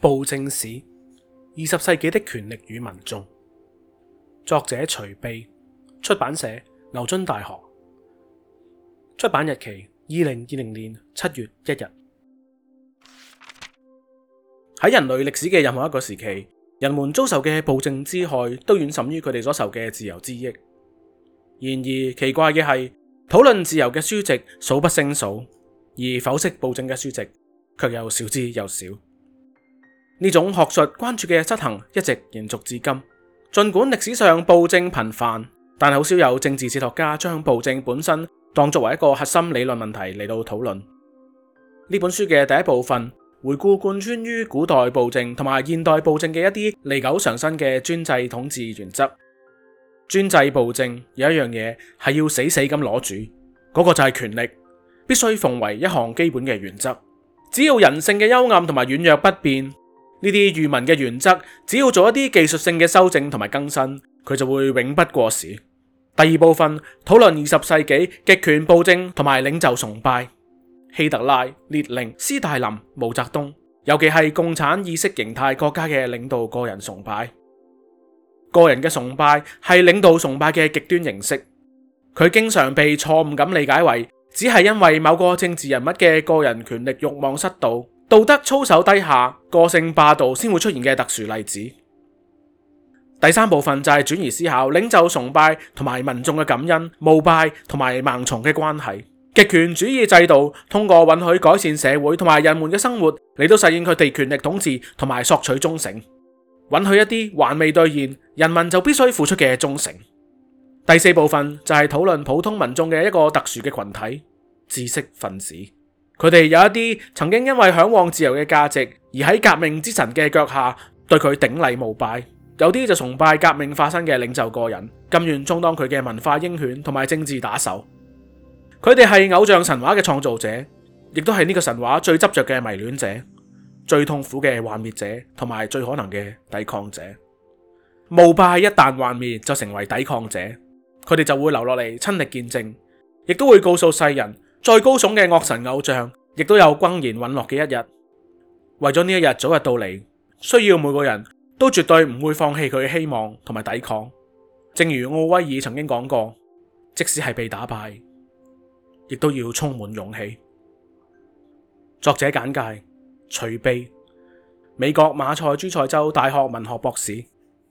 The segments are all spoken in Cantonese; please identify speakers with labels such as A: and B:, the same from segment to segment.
A: 暴政史：二十世紀的權力與民眾，作者徐賁，出版社牛津大學，出版日期二零二零年七月一日。喺人類歷史嘅任何一個時期，人們遭受嘅暴政之害，都遠甚於佢哋所受嘅自由之益。然而奇怪嘅係，討論自由嘅書籍數不勝數，而剖析暴政嘅書籍卻又少之又少。呢種學術關注嘅失衡一直延續至今。盡管歷史上暴政頻繁，但係好少有政治哲學家將暴政本身當作為一個核心理論問題嚟到討論。呢本書嘅第一部分回顧貫穿於古代暴政同埋現代暴政嘅一啲歷久常新嘅專制統治原則。專制暴政有一樣嘢係要死死咁攞住，嗰個就係權力，必須奉為一項基本嘅原則。只要人性嘅幽暗同埋軟弱不變。.呢啲馭民嘅原則，只要做一啲技術性嘅修正同埋更新，佢就會永不過時。第二部分討論二十世紀極權暴政同埋領袖崇拜，希特拉、列寧、斯大林、毛澤東，尤其係共產意識形態國家嘅領導個人崇拜。個人嘅崇拜係領導崇拜嘅極端形式，佢經常被錯誤咁理解為只係因為某個政治人物嘅個人權力欲望失度。道德操守低下、個性霸道先會出現嘅特殊例子。第三部分就係轉移思考，領袖崇拜同埋民眾嘅感恩、膜拜同埋盲從嘅關係。極權主義制度通過允許改善社會同埋人們嘅生活，嚟到實現佢哋權力統治同埋索取忠誠，允許一啲還未兌現，人民就必須付出嘅忠誠。第四部分就係討論普通民眾嘅一個特殊嘅群體——知識分子。佢哋有一啲曾經因為嚮往自由嘅價值，而喺革命之神嘅腳下對佢頂禮膜拜；有啲就崇拜革命化身嘅領袖個人，甘願充當佢嘅文化鷹犬同埋政治打手。佢哋係偶像神話嘅創造者，亦都係呢個神話最執着嘅迷戀者、最痛苦嘅幻滅者同埋最可能嘅抵抗者。膜拜一旦幻滅，就成為抵抗者，佢哋就會留落嚟親歷見證，亦都會告訴世人。再高聳嘅惡神偶像，亦都有轟然隕落嘅一日。為咗呢一日早日到嚟，需要每個人都絕對唔會放棄佢嘅希望同埋抵抗。正如奧威爾曾經講過，即使係被打敗，亦都要充滿勇氣。作者簡介：徐賁。美國馬賽諸塞州大學文學博士，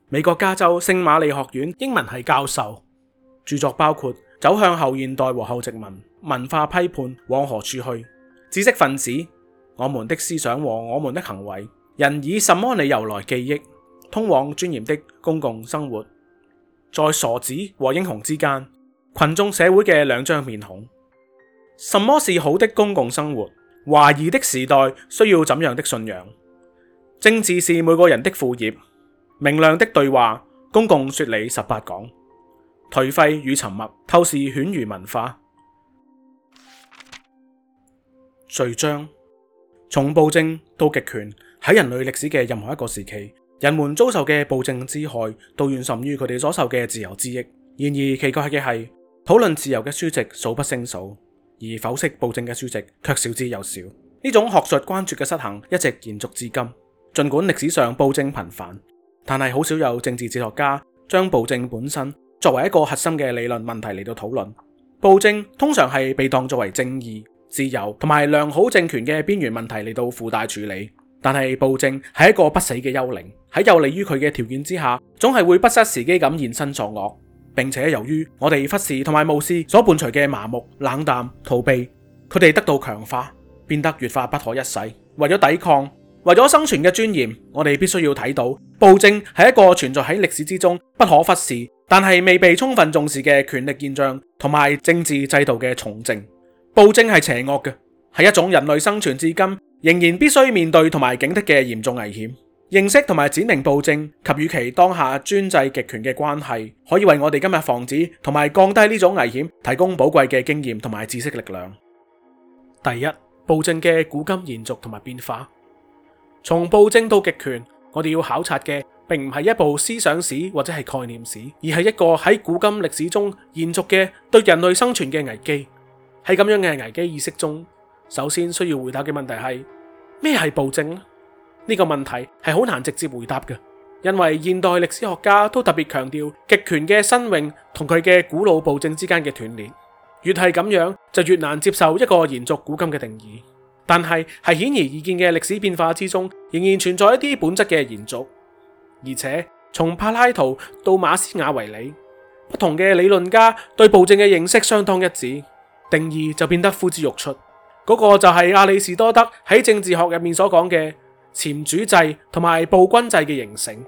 A: 美國加州聖瑪利學院英文系教授。著作包括《走向後現代和後殖民》。文化批評往何處去？知識分子我們的思想和我們的行為，人以什麼理由來記憶，通往尊嚴的公共生活？在傻子和英雄之間，群眾社會嘅兩張面孔。什麼是好的公共生活？懷疑的時代需要怎樣的信仰？政治是每個人的副業。明亮的對話，公共說理十八講。頹廢與沉默，透視犬儒文化。序章，從暴政到極權，喺人類歷史嘅任何一個時期，人們遭受嘅暴政之害，都遠甚於佢哋所受嘅自由之益。然而奇怪嘅係，討論自由嘅書籍數不勝數，而剖析暴政嘅書籍卻少之又少。呢種學術關注嘅失衡一直延續至今。盡管歷史上暴政頻繁，但係好少有政治哲學家將暴政本身作為一個核心嘅理論問題嚟到討論。暴政通常係被當作為正義。自由同埋良好政權嘅邊緣問題嚟到附帶處理，但係暴政係一個不死嘅幽靈，喺有利於佢嘅條件之下，總係會不失時機咁現身作惡，並且由於我哋忽視同埋無視所伴隨嘅麻木、冷淡、逃避，佢哋得到強化，變得越發不可一世。為咗抵抗，為咗生存嘅尊嚴，我哋必須要睇到暴政係一個存在喺歷史之中不可忽視，但係未被充分重視嘅權力現象同埋政治制度嘅重症。暴政係邪惡嘅，係一種人類生存至今仍然必須面對同埋警惕嘅嚴重危險。認識同埋指明暴政及與其當下專制極權嘅關係，可以為我哋今日防止同埋降低呢種危險提供寶貴嘅經驗同埋知識力量。第一，暴政嘅古今延續同埋變化。從暴政到極權，我哋要考察嘅並唔係一部思想史或者係概念史，而係一個喺古今歷史中延續嘅對人類生存嘅危機。喺咁樣嘅危機意識中，首先需要回答嘅問題係咩係暴政呢？呢個問題係好難直接回答嘅，因為現代歷史學家都特別強調極權嘅新穎同佢嘅古老暴政之間嘅斷裂。越係咁樣，就越難接受一個延續古今嘅定義。但係係顯而易見嘅歷史變化之中，仍然存在一啲本質嘅延續。而且從柏拉圖到馬斯亞維里，不同嘅理論家對暴政嘅認識相當一致。定義就變得呼之欲出，嗰個就係亞里士多德喺政治學入面所講嘅僭主制同埋暴君制嘅形成，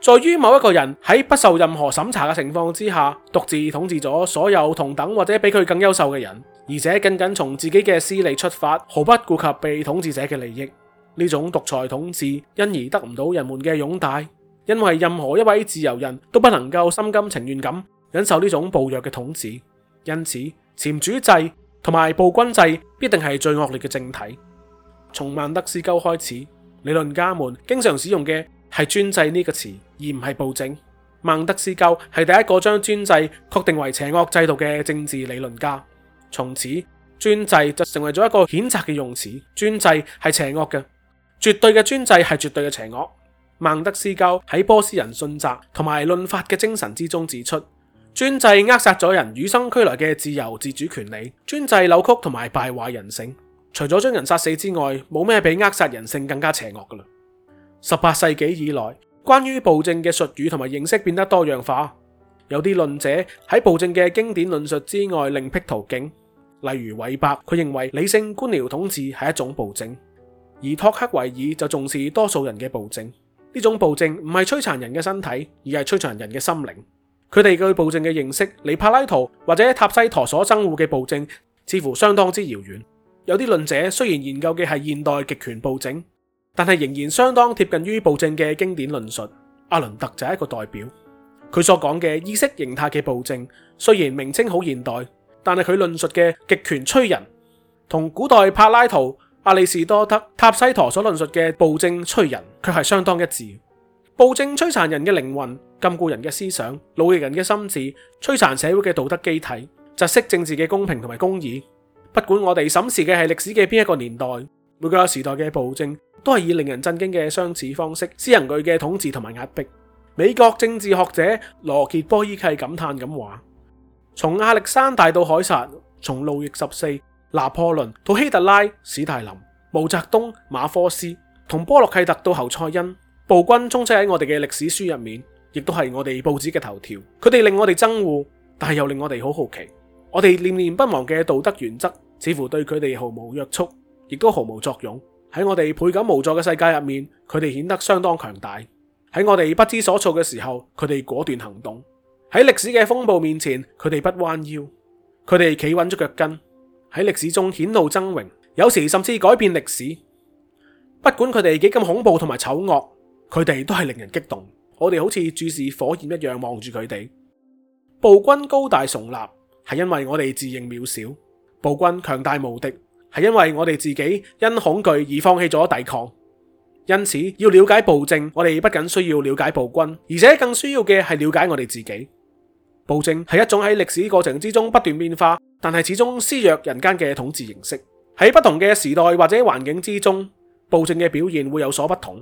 A: 在於某一個人喺不受任何審查嘅情況之下，獨自統治咗所有同等或者比佢更優秀嘅人，而且僅僅從自己嘅私利出發，毫不顧及被統治者嘅利益。呢種獨裁統治因而得唔到人們嘅擁戴，因為任何一位自由人都不能夠心甘情願咁忍受呢種暴虐嘅統治，因此，僭主制同埋暴君制必定係最惡劣嘅政體。從孟德斯鳩開始，理論家們經常使用嘅係專制呢個詞，而唔係暴政。孟德斯鳩係第一個將專制確定為邪惡制度嘅政治理論家。從此，專制就成為咗一個譴責嘅用詞。專制係邪惡嘅，絕對嘅專制係絕對嘅邪惡。孟德斯鳩喺波斯人信札同埋論法嘅精神之中指出。專制扼殺咗人與生俱來嘅自由自主權利，專制扭曲同埋敗壞人性。除咗將人殺死之外，冇咩比扼殺人性更加邪惡噶啦。十八世紀以來，關於暴政嘅術語同埋認識變得多樣化。有啲論者喺暴政嘅經典論述之外另辟途徑，例如韋伯，佢認為理性官僚統治係一種暴政；而托克維爾就重視多數人嘅暴政。呢種暴政唔係摧殘人嘅身體，而係摧殘人嘅心靈。佢哋對暴政嘅認識，離柏拉圖或者塔西陀所憎惡嘅暴政，似乎相當之遙遠。有啲論者雖然研究嘅係現代極權暴政，但係仍然相當貼近於暴政嘅經典論述。阿倫特就係一個代表，佢所講嘅意識形態嘅暴政，雖然名稱好現代，但係佢論述嘅極權摧人，同古代柏拉圖、阿里士多德、塔西陀所論述嘅暴政摧人，卻係相當一致。暴政摧殘人嘅靈魂，禁錮人嘅思想，奴役人嘅心智，摧殘社會嘅道德機體，窒息政治嘅公平同埋公義。不管我哋審視嘅係歷史嘅邊一個年代，每個時代嘅暴政都係以令人震驚嘅相似方式，施行佢嘅統治同埋壓迫。美國政治學者羅傑波伊契感嘆咁話：從亞歷山大到凱撒，從路易十四、拿破崙到希特拉、史泰林、毛澤東、馬科斯同波洛契特到侯賽因，暴君充斥喺我哋嘅歷史書入面。亦都係我哋報紙嘅頭條，佢哋令我哋憎惡，但係又令我哋好好奇。我哋念念不忘嘅道德原則，似乎對佢哋毫無約束，亦都毫無作用。喺我哋倍感無助嘅世界入面，佢哋顯得相當強大。喺我哋不知所措嘅時候，佢哋果斷行動。喺歷史嘅風暴面前，佢哋不彎腰，佢哋企穩咗腳跟。喺歷史中顯露崢嶸，有時甚至改變歷史。不管佢哋幾咁恐怖同埋醜惡，佢哋都係令人激動。我哋好似注視火焰一樣望住佢哋。暴君高大聳立，係因為我哋自認渺小；暴君強大無敵，係因為我哋自己因恐懼而放棄咗抵抗。因此，要了解暴政，我哋不僅需要了解暴君，而且更需要嘅係了解我哋自己。暴政係一種喺歷史過程之中不斷變化，但係始終肆虐人間嘅統治形式。喺不同嘅時代或者環境之中，暴政嘅表現會有所不同。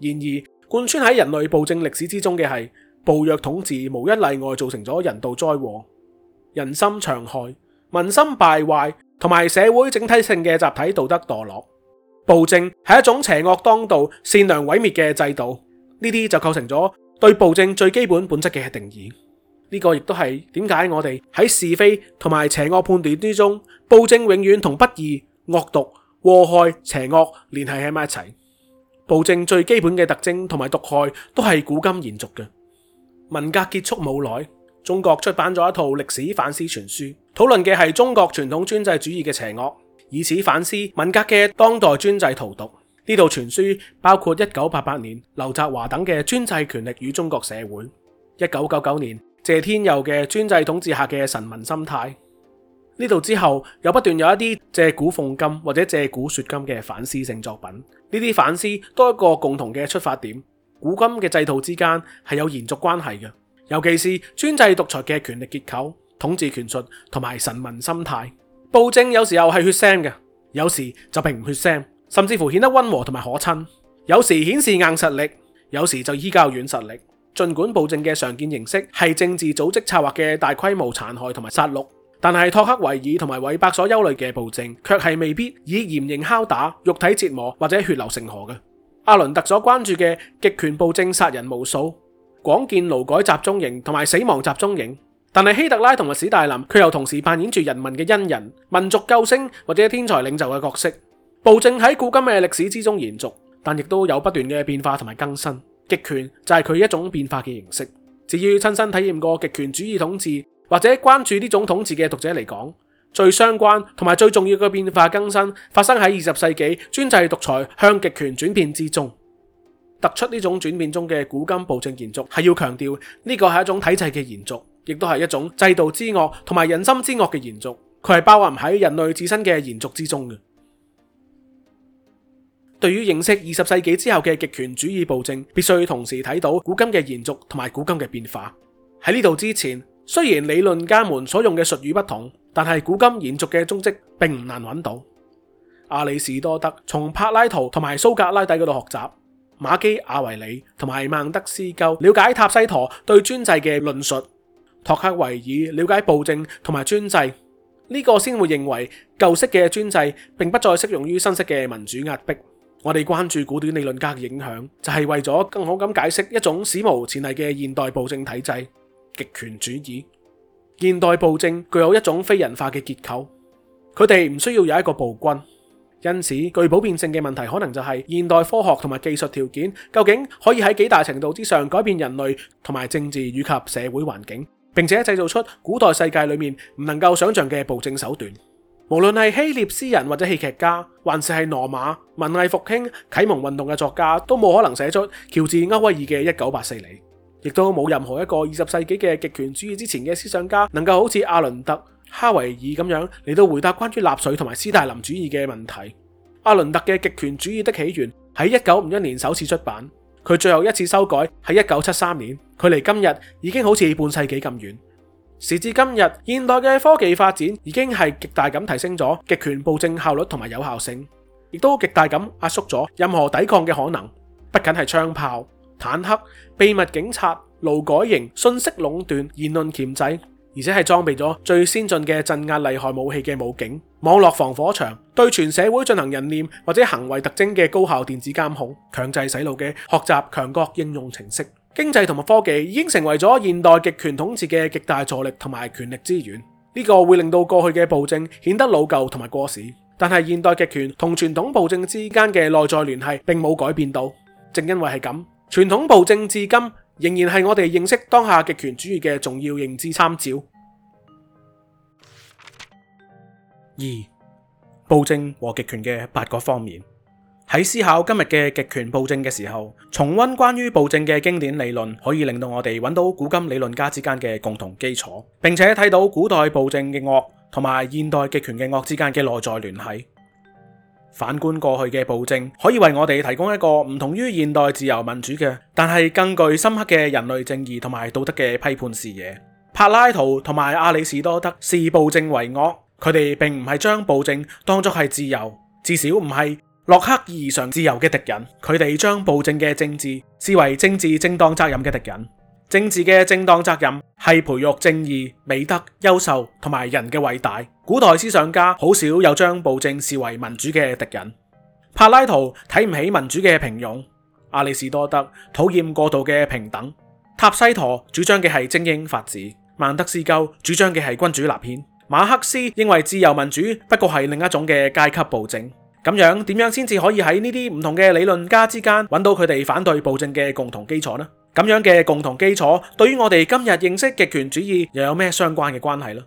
A: 然而，貫穿喺人類暴政歷史之中嘅係暴虐統治，無一例外造成咗人道災禍、人心長害、民心敗壞同埋社會整體性嘅集體道德墮落。暴政係一種邪惡當道、善良毀滅嘅制度，呢啲就構成咗對暴政最基本本質嘅定義。呢個亦都係點解我哋喺是非同埋邪惡判斷之中，暴政永遠同不義、惡毒、禍害、邪惡聯繫喺埋一齊。暴政最基本嘅特徵同埋毒害都係古今延續嘅。文革結束冇耐，中國出版咗一套歷史反思傳書，討論嘅係中國傳統專制主義嘅邪惡，以此反思文革嘅當代專制荼毒。呢套傳書包括一九八八年劉澤華等嘅《專制權力與中國社會》，一九九九年謝天佑嘅《專制統治下嘅臣民心態》。呢度之後，又不斷有一啲借古諷今或者借古說今嘅反思性作品。呢啲反思都係一個共同嘅出發點：古今嘅制度之間係有延續關係嘅。尤其是專制獨裁嘅權力結構、統治權術同埋臣民心態。暴政有時候係血腥嘅，有時就並唔血腥，甚至乎顯得温和同埋可親。有時顯示硬實力，有時就依靠軟實力。盡管暴政嘅常見形式係政治組織策劃嘅大規模殘害同埋殺戮。但係托克維爾同埋韋伯所憂慮嘅暴政，却係未必以嚴刑拷打、肉體折磨或者血流成河嘅。阿倫特所關注嘅極權暴政殺人無數，廣建勞改集中營同埋死亡集中營。但係希特拉同埋史大林，佢又同時扮演住人民嘅恩人、民族救星或者天才領袖嘅角色。暴政喺古今嘅歷史之中延續，但亦都有不斷嘅變化同埋更新。極權就係佢一種變化嘅形式。至於親身體驗過極權主義統治。或者關注呢種統治嘅讀者嚟講，最相關同埋最重要嘅變化更新，發生喺二十世紀專制獨裁向極權轉變之中。突出呢種轉變中嘅古今暴政延續，係要強調呢個係一種體制嘅延續，亦都係一種制度之惡同埋人心之惡嘅延續。佢係包含喺人類自身嘅延續之中嘅。對於認識二十世紀之後嘅極權主義暴政，必須同時睇到古今嘅延續同埋古今嘅變化。喺呢度之前。雖然理論家們所用嘅術語不同，但係古今延續嘅蹤迹並唔難揾到。阿里士多德從柏拉圖同埋蘇格拉底嗰度學習，馬基阿維里同埋孟德斯鳩了解塔西佗對專制嘅論述，托克維爾了解暴政同埋專制，呢個先會認為舊式嘅專制並不再適用於新式嘅民主壓迫。我哋關注古典理論家嘅影響，就係為咗更好咁解釋一種史無前例嘅現代暴政體制。極權主義，現代暴政具有一種非人化嘅結構，佢哋唔需要有一個暴君，因此具普遍性嘅問題可能就係現代科學同埋技術條件究竟可以喺幾大程度之上改變人類同埋政治以及社會環境，並且製造出古代世界裏面唔能夠想象嘅暴政手段。無論係希臘詩人或者戲劇家，還是係羅馬文藝復興啟蒙運動嘅作家，都冇可能寫出喬治歐威爾嘅《一九八四》嚟。亦都冇任何一個二十世紀嘅極權主義之前嘅思想家能夠好似阿倫特、哈維爾咁樣嚟到回答關於納粹同埋斯大林主義嘅問題。阿倫特嘅《極權主義的起源》喺一九五一年首次出版，佢最後一次修改喺一九七三年，距離今日已經好似半世紀咁遠。時至今日，現代嘅科技發展已經係極大咁提升咗極權暴政效率同埋有效性，亦都極大咁壓縮咗任何抵抗嘅可能，不僅係槍炮。坦克、秘密警察、勞改營、信息壟斷、言論鉗制，而且係裝備咗最先進嘅鎮壓厲害武器嘅武警、網絡防火牆，對全社會進行人念或者行為特徵嘅高效電子監控、強制洗腦嘅學習強國應用程式，經濟同埋科技已經成為咗現代極權統治嘅極大助力同埋權力資源。呢個會令到過去嘅暴政顯得老舊同埋過時，但係現代極權同傳統暴政之間嘅內在聯繫並冇改變到。正因為係咁。傳統暴政至今仍然係我哋認識當下極權主義嘅重要認知參照。二、暴政和極權嘅八個方面，喺思考今日嘅極權暴政嘅時候，重温關於暴政嘅經典理論，可以令到我哋揾到古今理論家之間嘅共同基礎，並且睇到古代暴政嘅惡同埋現代極權嘅惡之間嘅內在聯繫。反觀過去嘅暴政，可以為我哋提供一個唔同於現代自由民主嘅但係更具深刻嘅人類正義同埋道德嘅批判視野。柏拉圖同埋阿里士多德視暴政為惡，佢哋並唔係將暴政當作係自由，至少唔係洛克意義上自由嘅敵人。佢哋將暴政嘅政治視為政治正當責任嘅敵人。政治嘅正當責任係培育正義、美德、優秀同埋人嘅偉大。古代思想家好少有將暴政視為民主嘅敵人。柏拉圖睇唔起民主嘅平庸，阿里士多德討厭過度嘅平等，塔西佗主張嘅係精英法治，孟德斯鳩主張嘅係君主立憲。馬克思認為自由民主不過係另一種嘅階級暴政。咁樣點樣先至可以喺呢啲唔同嘅理論家之間揾到佢哋反對暴政嘅共同基礎呢？咁樣嘅共同基礎，對於我哋今日認識極權主義又有咩相關嘅關係呢？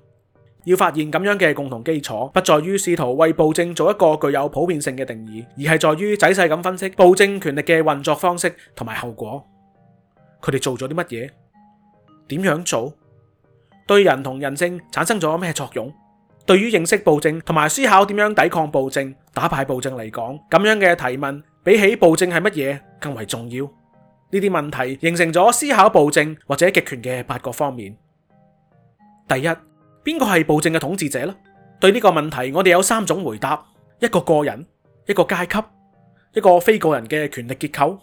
A: 要發現咁樣嘅共同基礎，不在於試圖為暴政做一個具有普遍性嘅定義，而係在於仔細咁分析暴政權力嘅運作方式同埋後果。佢哋做咗啲乜嘢？點樣做？對人同人性產生咗咩作用？對於認識暴政同埋思考點樣抵抗暴政、打敗暴政嚟講，咁樣嘅提問比起暴政係乜嘢更為重要。呢啲問題形成咗思考暴政或者極權嘅八個方面。第一，邊個係暴政嘅統治者咧？對呢個問題，我哋有三種回答：一個個人，一個階級，一個非個人嘅權力結構。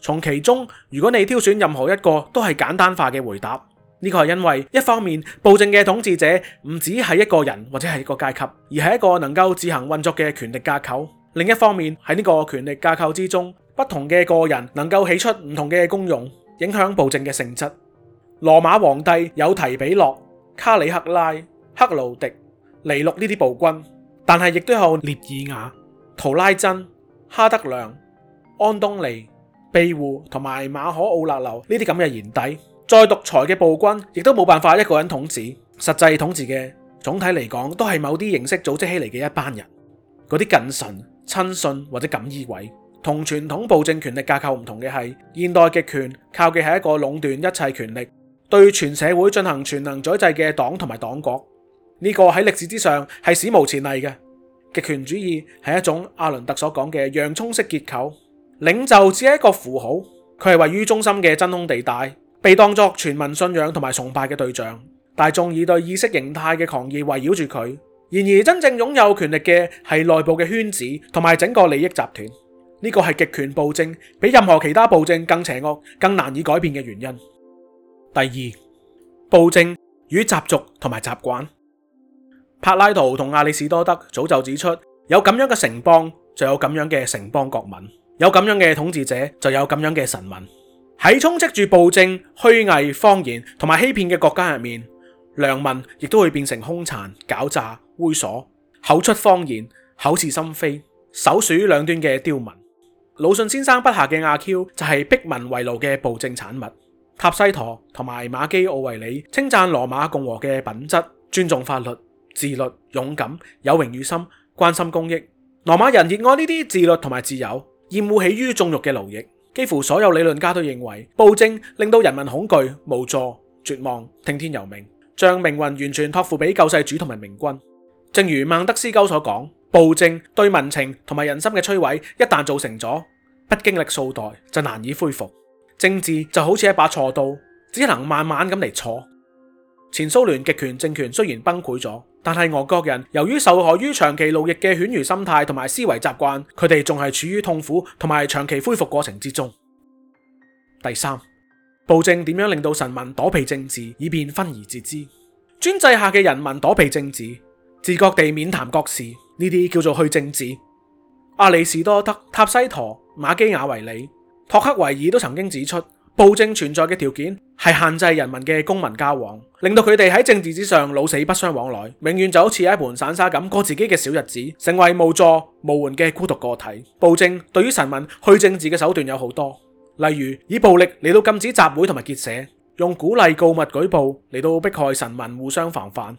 A: 從其中，如果你挑選任何一個，都係簡單化嘅回答。呢個係因為一方面，暴政嘅統治者唔只係一個人或者係一個階級，而係一個能夠自行運作嘅權力架構。另一方面，喺呢個權力架構之中。不同嘅個人能夠起出唔同嘅功用，影響暴政嘅性質。羅馬皇帝有提比略、卡里克拉、克勞迪、尼禄呢啲暴君，但係亦都有涅爾瓦、圖拉真、哈德良、安東尼、庇護同埋馬可奧勒留呢啲咁嘅賢帝。再獨裁嘅暴君，亦都冇辦法一個人統治，實際統治嘅總體嚟講，都係某啲形式組織起嚟嘅一班人，嗰啲近臣、親信或者錦衣衛。同傳統暴政權力架構唔同嘅係，現代極權靠嘅係一個壟斷一切權力，對全社會進行全能宰制嘅黨同埋黨國。呢個喺歷史之上係史無前例嘅極權主義係一種阿倫特所講嘅洋蔥式結構，領袖只係一個符號，佢係位於中心嘅真空地帶，被當作全民信仰同埋崇拜嘅對象。大眾以對意識形態嘅狂熱圍繞住佢，然而真正擁有權力嘅係內部嘅圈子同埋整個利益集團。呢個係極權暴政比任何其他暴政更邪惡、更難以改變嘅原因。第二，暴政與習俗同埋習慣。柏拉圖同亞里士多德早就指出，有咁樣嘅城邦就有咁樣嘅城邦國民，有咁樣嘅統治者就有咁樣嘅臣民。喺充斥住暴政、虛偽、謊言同埋欺騙嘅國家入面，良民亦都會變成凶殘、狡詐、猥瑣，口出謊言、口是心非、首鼠兩端嘅刁民。魯迅先生筆下嘅阿 Q 就係逼民為奴嘅暴政產物。塔西陀同埋馬基奧維里稱讚羅馬共和嘅品質：尊重法律、自律、勇敢、有榮譽心、關心公益。羅馬人熱愛呢啲自律同埋自由，厭惡起於縱欲嘅奴役。幾乎所有理論家都認為，暴政令到人民恐懼、無助、絕望，聽天由命，將命運完全託付俾救世主同埋明君。正如孟德斯鳩所講，暴政對民情同埋人心嘅摧毀，一旦造成咗。不經歷數代就難以恢復，政治就好似一把銼刀，只能慢慢咁嚟銼。前蘇聯極權政權雖然崩潰咗，但係俄國人由於受害於長期奴役嘅犬儒心態同埋思維習慣，佢哋仲係處於痛苦同埋長期恢復過程之中。第三，暴政點樣令到臣民躲避政治，以便分而治之？專制下嘅人民躲避政治，自覺地免談國事，呢啲叫做去政治。亞里士多德、塔西陀、馬基雅維里、托克維爾都曾經指出，暴政存在嘅條件係限制人民嘅公民交往，令到佢哋喺政治之上老死不相往來，永遠就好似一盤散沙咁過自己嘅小日子，成為無助、無援嘅孤獨個體。暴政對於臣民去政治嘅手段有好多，例如以暴力嚟到禁止集會同埋結社，用鼓勵告密舉報嚟到逼害臣民互相防範，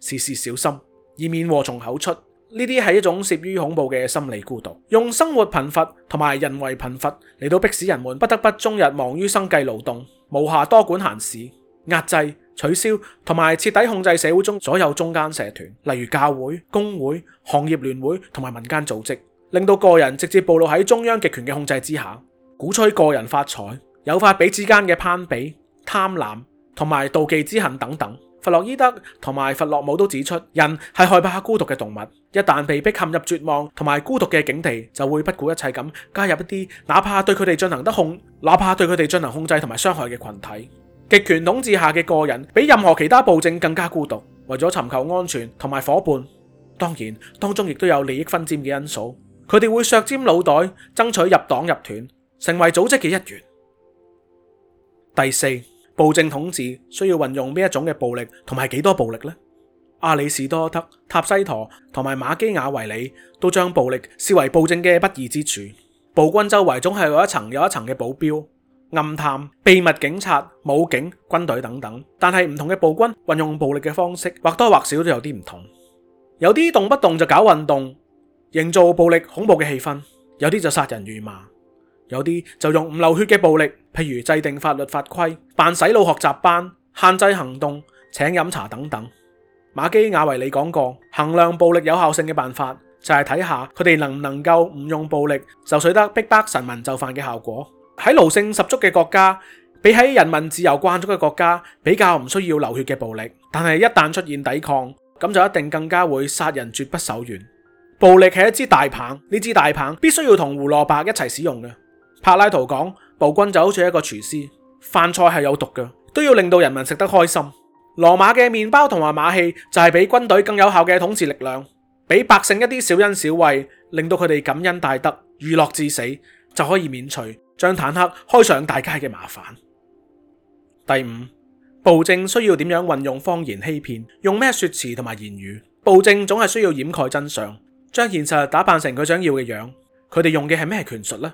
A: 事事小心，以免禍從口出。呢啲係一種懾於恐怖嘅心理孤獨，用生活貧乏同埋人為貧乏嚟到逼使人們不得不終日忙於生計勞動，無暇多管閒事，壓制、取消同埋徹底控制社會中所有中間社團，例如教會、工會、行業聯會同埋民間組織，令到個人直接暴露喺中央極權嘅控制之下，鼓吹個人發財、有法比之間嘅攀比、貪婪同埋妒忌之恨等等。弗洛伊德同埋弗洛姆都指出，人係害怕孤獨嘅動物，一旦被逼陷入絕望同埋孤獨嘅境地，就會不顧一切咁加入一啲哪怕對佢哋進行得控，哪怕對佢哋進行控制同埋傷害嘅群體。極權統治下嘅個人比任何其他暴政更加孤獨，為咗尋求安全同埋伙伴，當然當中亦都有利益分佔嘅因素，佢哋會削尖腦袋爭取入黨入團，成為組織嘅一員。第四。暴政統治需要運用邊一種嘅暴力同埋幾多暴力呢？阿里士多德、塔西陀同埋馬基雅維里都將暴力視為暴政嘅不義之處。暴君周圍總係有一層又一層嘅保鏢、暗探、秘密警察、武警、軍隊等等。但係唔同嘅暴君運用暴力嘅方式或多或少都有啲唔同。有啲動不動就搞運動，營造暴力恐怖嘅氣氛；有啲就殺人如麻。有啲就用唔流血嘅暴力，譬如制定法律法規、辦洗腦學習班、限制行動、請飲茶等等。馬基亞維里講過，衡量暴力有效性嘅辦法就係睇下佢哋能唔能夠唔用暴力就取得逼迫臣民就範嘅效果。喺奴性十足嘅國家，比喺人民自由慣咗嘅國家比較唔需要流血嘅暴力，但係一旦出現抵抗，咁就一定更加會殺人絕不手軟。暴力係一支大棒，呢支大棒必須要同胡蘿蔔一齊使用嘅。柏拉圖講暴君就好似一個廚師，飯菜係有毒嘅，都要令到人民食得開心。羅馬嘅麵包同埋馬戲就係比軍隊更有效嘅統治力量，俾百姓一啲小恩小惠，令到佢哋感恩戴德，娛樂至死就可以免除將坦克開上大街嘅麻煩。第五，暴政需要點樣運用謊言欺騙，用咩說辭同埋言語？暴政總係需要掩蓋真相，將現實打扮成佢想要嘅樣，佢哋用嘅係咩權術呢？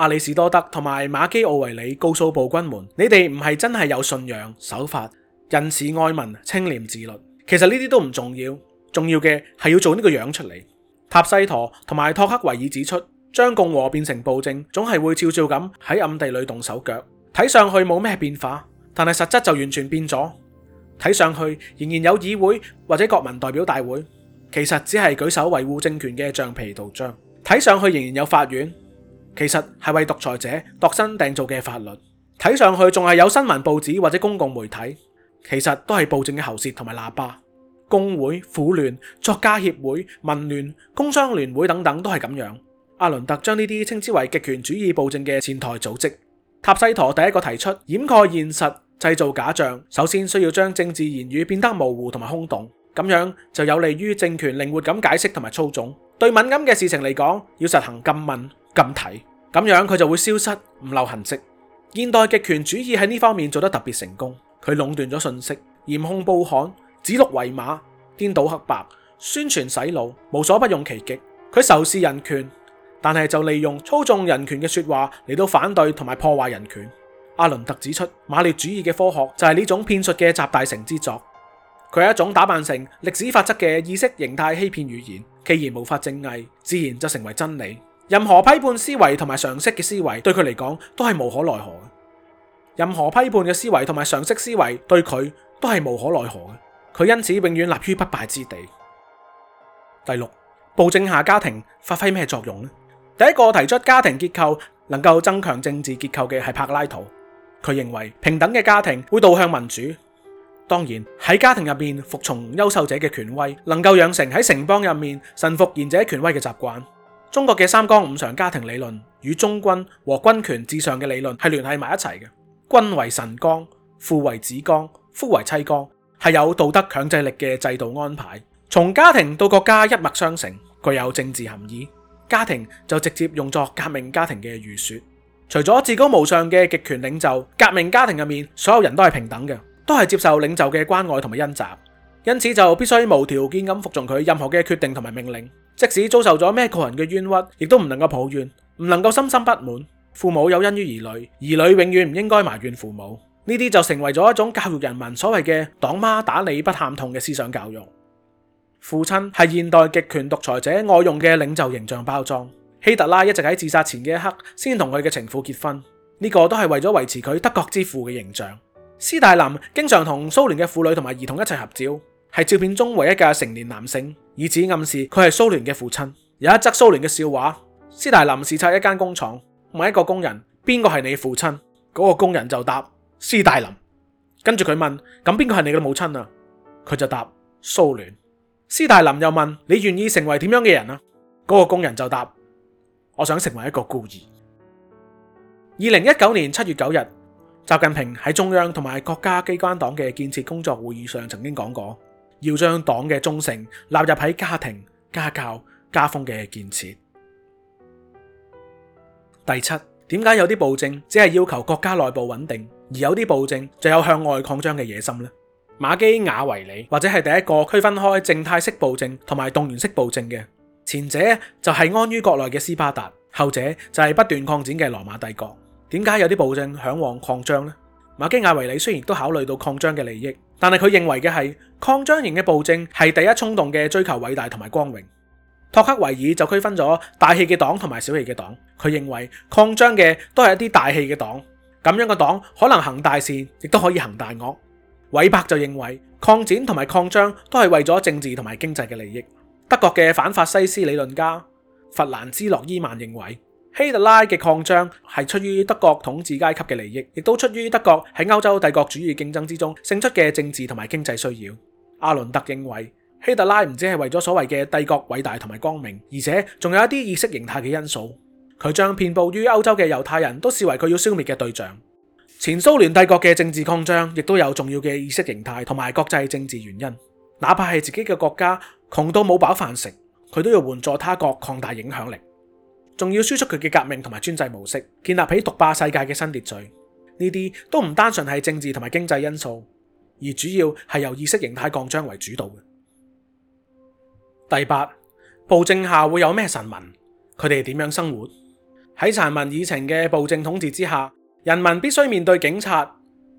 A: 阿里士多德同埋馬基奧維里告訴暴君們：你哋唔係真係有信仰、守法、仁慈、愛民、清廉、自律，其實呢啲都唔重要。重要嘅係要做呢個樣出嚟。塔西佗同埋托克維爾指出，將共和變成暴政，總係會照照咁喺暗地裏動手腳，睇上去冇咩變化，但係實質就完全變咗。睇上去仍然有議會或者國民代表大會，其實只係舉手維護政權嘅橡皮圖章。睇上去仍然有法院。其實係為獨裁者度身訂造嘅法律，睇上去仲係有新聞報紙或者公共媒體，其實都係暴政嘅喉舌同埋喇叭。工會、婦聯、作家協會、民聯、工商聯會等等都係咁樣。阿倫特將呢啲稱之為極權主義暴政嘅前台組織。塔西陀第一個提出掩蓋現實、製造假象，首先需要將政治言語變得模糊同埋空洞，咁樣就有利於政權靈活咁解釋同埋操縱。對敏感嘅事情嚟講，要實行禁問。禁睇，咁樣佢就會消失，唔留痕跡。現代極權主義喺呢方面做得特別成功，佢壟斷咗信息，嚴控報刊，指鹿為馬，顛倒黑白，宣傳洗腦，無所不用其極。佢仇視人權，但係就利用操縱人權嘅說話嚟到反對同埋破壞人權。阿倫特指出，馬列主義嘅科學就係呢種騙術嘅集大成之作。佢係一種打扮成歷史法則嘅意識形態欺騙語言，既然無法證偽，自然就成為真理。任何批判思維同埋常識嘅思維，對佢嚟講都係無可奈何嘅。任何批判嘅思維同埋常識思維，對佢都係無可奈何嘅。佢因此永遠立於不敗之地。第六，暴政下家庭發揮咩作用呢？第一個提出家庭結構能夠增強政治結構嘅係柏拉圖。佢認為平等嘅家庭會導向民主。當然喺家庭入面服從優秀者嘅權威，能夠養成喺城邦入面臣服賢者權威嘅習慣。中國嘅三綱五常家庭理論與忠君和君權至上嘅理論係聯繫埋一齊嘅。君為臣綱，父為子綱，夫為妻綱，係有道德強制力嘅制度安排。從家庭到國家一脈相承，具有政治含義。家庭就直接用作革命家庭嘅預說。除咗至高無上嘅極權領袖，革命家庭入面，所有人都係平等嘅，都係接受領袖嘅關愛同埋恩澤。因此就必須無條件咁服從佢任何嘅決定同埋命令，即使遭受咗咩個人嘅冤屈，亦都唔能夠抱怨，唔能夠心生不滿。父母有恩於兒女，兒女永遠唔應該埋怨父母。呢啲就成為咗一種教育人民所謂嘅“黨媽打你不喊痛”嘅思想教育。父親係現代極權獨裁者愛用嘅領袖形象包裝。希特拉一直喺自殺前嘅一刻先同佢嘅情婦結婚，呢個都係為咗維持佢德國之父嘅形象。斯大林經常同蘇聯嘅婦女同埋兒童一齊合照，係照片中唯一嘅成年男性，以此暗示佢係蘇聯嘅父親。有一則蘇聯嘅笑話：斯大林視察一間工廠，問一個工人：邊個係你父親？嗰、那個工人就答：斯大林。跟住佢問：咁邊個係你嘅母親啊？佢就答：蘇聯。斯大林又問：你願意成為點樣嘅人啊？嗰、那個工人就答：我想成為一個孤兒。二零一九年七月九日。習近平喺中央同埋國家機關黨嘅建設工作會議上曾經講過，要將黨嘅忠誠納入喺家庭、家教、家風嘅建設。第七，點解有啲暴政只係要求國家內部穩定，而有啲暴政就有向外擴張嘅野心呢？馬基雅維里或者係第一個區分開靜態式暴政同埋動員式暴政嘅，前者就係安於國內嘅斯巴達，後者就係不斷擴展嘅羅馬帝國。點解有啲暴政嚮往擴張呢？馬基雅維里雖然都考慮到擴張嘅利益，但係佢認為嘅係擴張型嘅暴政係第一衝動嘅追求偉大同埋光榮。托克維爾就區分咗大氣嘅黨同埋小氣嘅黨，佢認為擴張嘅都係一啲大氣嘅黨，咁樣嘅黨可能行大善，亦都可以行大惡。韋伯就認為擴展同埋擴張都係為咗政治同埋經濟嘅利益。德國嘅反法西斯理論家弗蘭茲洛伊曼認為。希特拉嘅擴張係出於德國統治階級嘅利益，亦都出於德國喺歐洲帝國主義競爭之中勝出嘅政治同埋經濟需要。阿倫特認為，希特拉唔只係為咗所謂嘅帝國偉大同埋光明，而且仲有一啲意識形態嘅因素。佢將遍布於歐洲嘅猶太人都視為佢要消滅嘅對象。前蘇聯帝國嘅政治擴張亦都有重要嘅意識形態同埋國際政治原因。哪怕係自己嘅國家窮到冇飽飯食，佢都要援助他國擴大影響力。仲要輸出佢嘅革命同埋專制模式，建立起獨霸世界嘅新秩序。呢啲都唔單純係政治同埋經濟因素，而主要係由意識形態擴張為主導嘅。第八，暴政下會有咩臣民？佢哋點樣生活？喺殘民以逞嘅暴政統治之下，人民必須面對警察、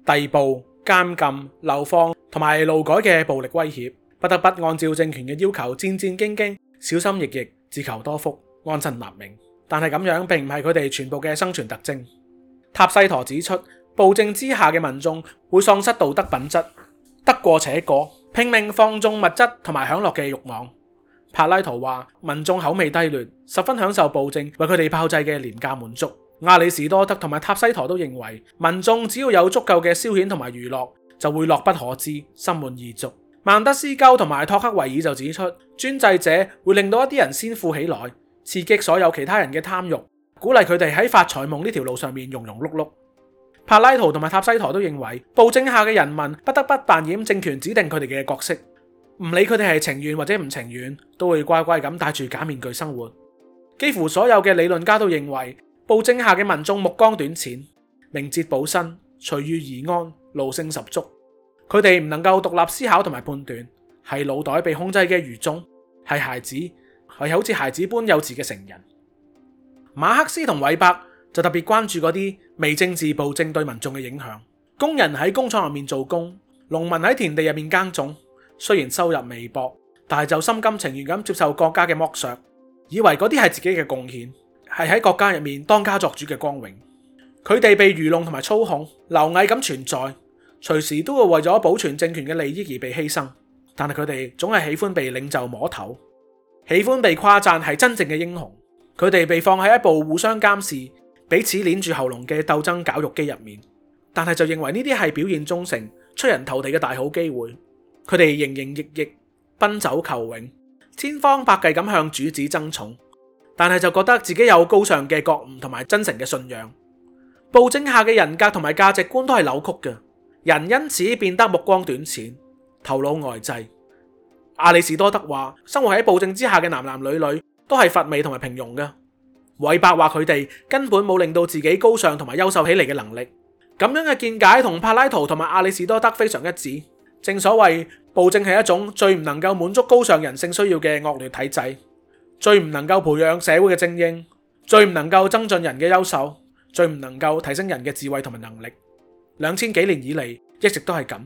A: 逮捕、監禁、流放同埋勞改嘅暴力威脅，不得不按照政權嘅要求戰戰兢兢、小心翼翼，自求多福、安身立命。但係咁樣並唔係佢哋全部嘅生存特徵。塔西佗指出，暴政之下嘅民眾會喪失道德品質，得過且過，拼命放縱物質同埋享樂嘅欲望。柏拉圖話，民眾口味低劣，十分享受暴政為佢哋炮製嘅廉價滿足。亞里士多德同埋塔西佗都認為，民眾只要有足夠嘅消遣同埋娛樂，就會樂不可支，心滿意足。曼德斯鳩同埋托克維爾就指出，專制者會令到一啲人先富起來。刺激所有其他人嘅貪慾，鼓勵佢哋喺發財夢呢條路上面庸庸碌碌。柏拉圖同埋塔西佗都認為，暴政下嘅人民不得不扮演政權指定佢哋嘅角色，唔理佢哋係情願或者唔情願，都會乖乖咁戴住假面具生活。幾乎所有嘅理論家都認為，暴政下嘅民眾目光短淺，明哲保身，隨遇而安，奴性十足。佢哋唔能夠獨立思考同埋判斷，係腦袋被控制嘅愚忠，係孩子。係好似孩子般幼稚嘅成人，馬克思同韋伯就特別關注嗰啲未政治暴政對民眾嘅影響。工人喺工廠入面做工，農民喺田地入面耕種，雖然收入微薄，但係就心甘情願咁接受國家嘅剝削，以為嗰啲係自己嘅貢獻，係喺國家入面當家作主嘅光榮。佢哋被愚弄同埋操控，螻蟻咁存在，隨時都會為咗保存政權嘅利益而被犧牲。但係佢哋總係喜歡被領袖摸頭。喜歡被誇讚係真正嘅英雄，佢哋被放喺一部互相監視、彼此捏住喉嚨嘅鬥爭絞肉機入面，但係就認為呢啲係表現忠誠、出人頭地嘅大好機會。佢哋營營役役、奔走求榮，千方百計咁向主子爭寵，但係就覺得自己有高尚嘅覺悟同埋真誠嘅信仰。暴政下嘅人格同埋價值觀都係扭曲嘅，人因此變得目光短淺、頭腦呆滯。亞里士多德話：生活喺暴政之下嘅男男女女都係乏味同埋平庸嘅。韋伯話，佢哋根本冇令到自己高尚同埋優秀起嚟嘅能力。咁樣嘅見解同柏拉圖同埋亞里士多德非常一致。正所謂暴政係一種最唔能夠滿足高尚人性需要嘅惡劣體制，最唔能夠培養社會嘅精英，最唔能夠增進人嘅優秀，最唔能夠提升人嘅智慧同埋能力。兩千幾年以嚟一直都係咁。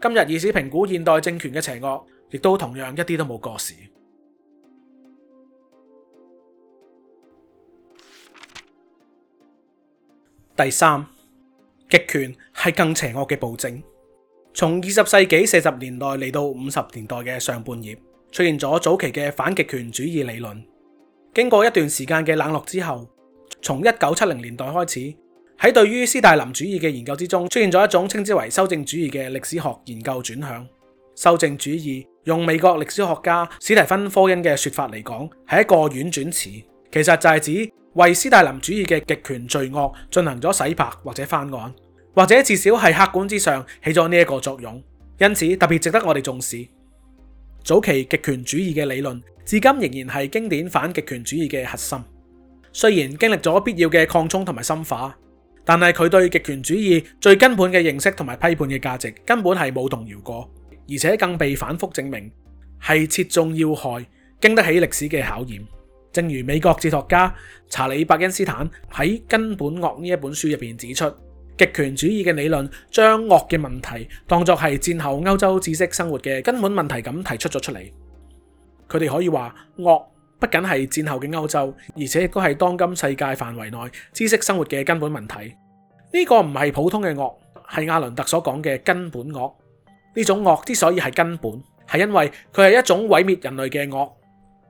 A: 今日以史評估現代政權嘅邪惡。亦都同樣一啲都冇過時。第三，極權係更邪惡嘅暴政。從二十世紀四十年代嚟到五十年代嘅上半葉，出現咗早期嘅反極權主義理論。經過一段時間嘅冷落之後，從一九七零年代開始，喺對於斯大林主義嘅研究之中，出現咗一種稱之為修正主義嘅歷史學研究轉向。修正主義。用美國歷史學家史提芬科恩嘅說法嚟講，係一個婉轉詞，其實就係指為斯大林主義嘅極權罪惡進行咗洗白或者翻案，或者至少係客觀之上起咗呢一個作用，因此特別值得我哋重視。早期極權主義嘅理論至今仍然係經典反極權主義嘅核心，雖然經歷咗必要嘅擴充同埋深化，但係佢對極權主義最根本嘅認識同埋批判嘅價值根本係冇動搖過。而且更被反覆證明係切中要害，經得起歷史嘅考驗。正如美國哲學家查理·伯恩斯坦喺《根本惡》呢一本書入邊指出，極權主義嘅理論將惡嘅問題當作係戰後歐洲知識生活嘅根本問題咁提出咗出嚟。佢哋可以話，惡不僅係戰後嘅歐洲，而且亦都係當今世界範圍內知識生活嘅根本問題。呢個唔係普通嘅惡，係阿倫特所講嘅根本惡。呢種惡之所以係根本，係因為佢係一種毀滅人類嘅惡，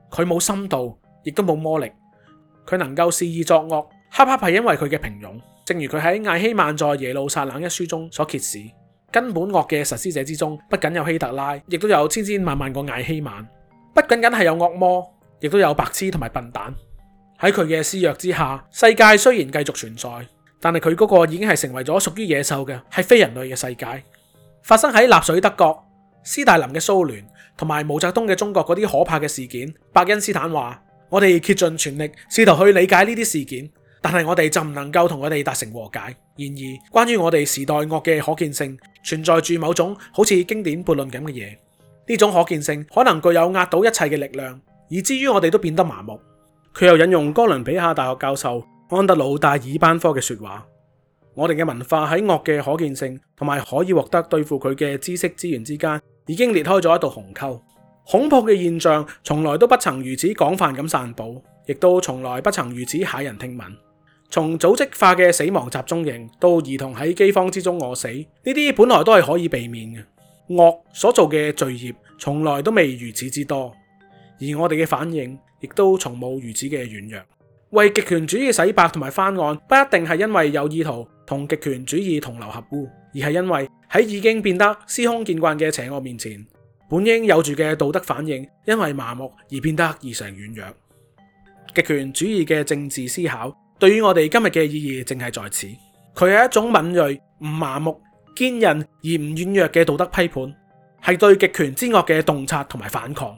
A: 佢冇深度，亦都冇魔力，佢能夠肆意作惡，恰恰係因為佢嘅平庸。正如佢喺艾希曼在耶路撒冷一書中所揭示，根本惡嘅實施者之中，不僅有希特拉，亦都有千千萬萬個艾希曼。不僅僅係有惡魔，亦都有白痴同埋笨蛋。喺佢嘅施虐之下，世界雖然繼續存在，但係佢嗰個已經係成為咗屬於野獸嘅，係非人類嘅世界。發生喺納粹德國、斯大林嘅蘇聯同埋毛澤東嘅中國嗰啲可怕嘅事件，伯恩斯坦話：我哋竭盡全力試圖去理解呢啲事件，但係我哋就唔能夠同佢哋達成和解。然而，關於我哋時代惡嘅可見性，存在住某種好似經典悖論咁嘅嘢。呢種可見性可能具有壓倒一切嘅力量，以至於我哋都變得麻木。佢又引用哥倫比亞大學教授安德魯戴爾班科嘅說話。我哋嘅文化喺惡嘅可見性同埋可以獲得對付佢嘅知識資源之間，已經裂開咗一道鴻溝。恐怖嘅現象從來都不曾如此廣泛咁散布，亦都從來不曾如此駭人聽聞。從組織化嘅死亡集中營到兒童喺飢荒之中餓死，呢啲本來都係可以避免嘅。惡所做嘅罪業從來都未如此之多，而我哋嘅反應亦都從冇如此嘅軟弱。為極權主義洗白同埋翻案，不一定係因為有意圖同極權主義同流合污，而係因為喺已經變得司空見慣嘅邪惡面前，本應有住嘅道德反應，因為麻木而變得異常軟弱。極權主義嘅政治思考，對於我哋今日嘅意義，正係在此。佢係一種敏銳、唔麻木、堅韌而唔軟弱嘅道德批判，係對極權之惡嘅洞察同埋反抗。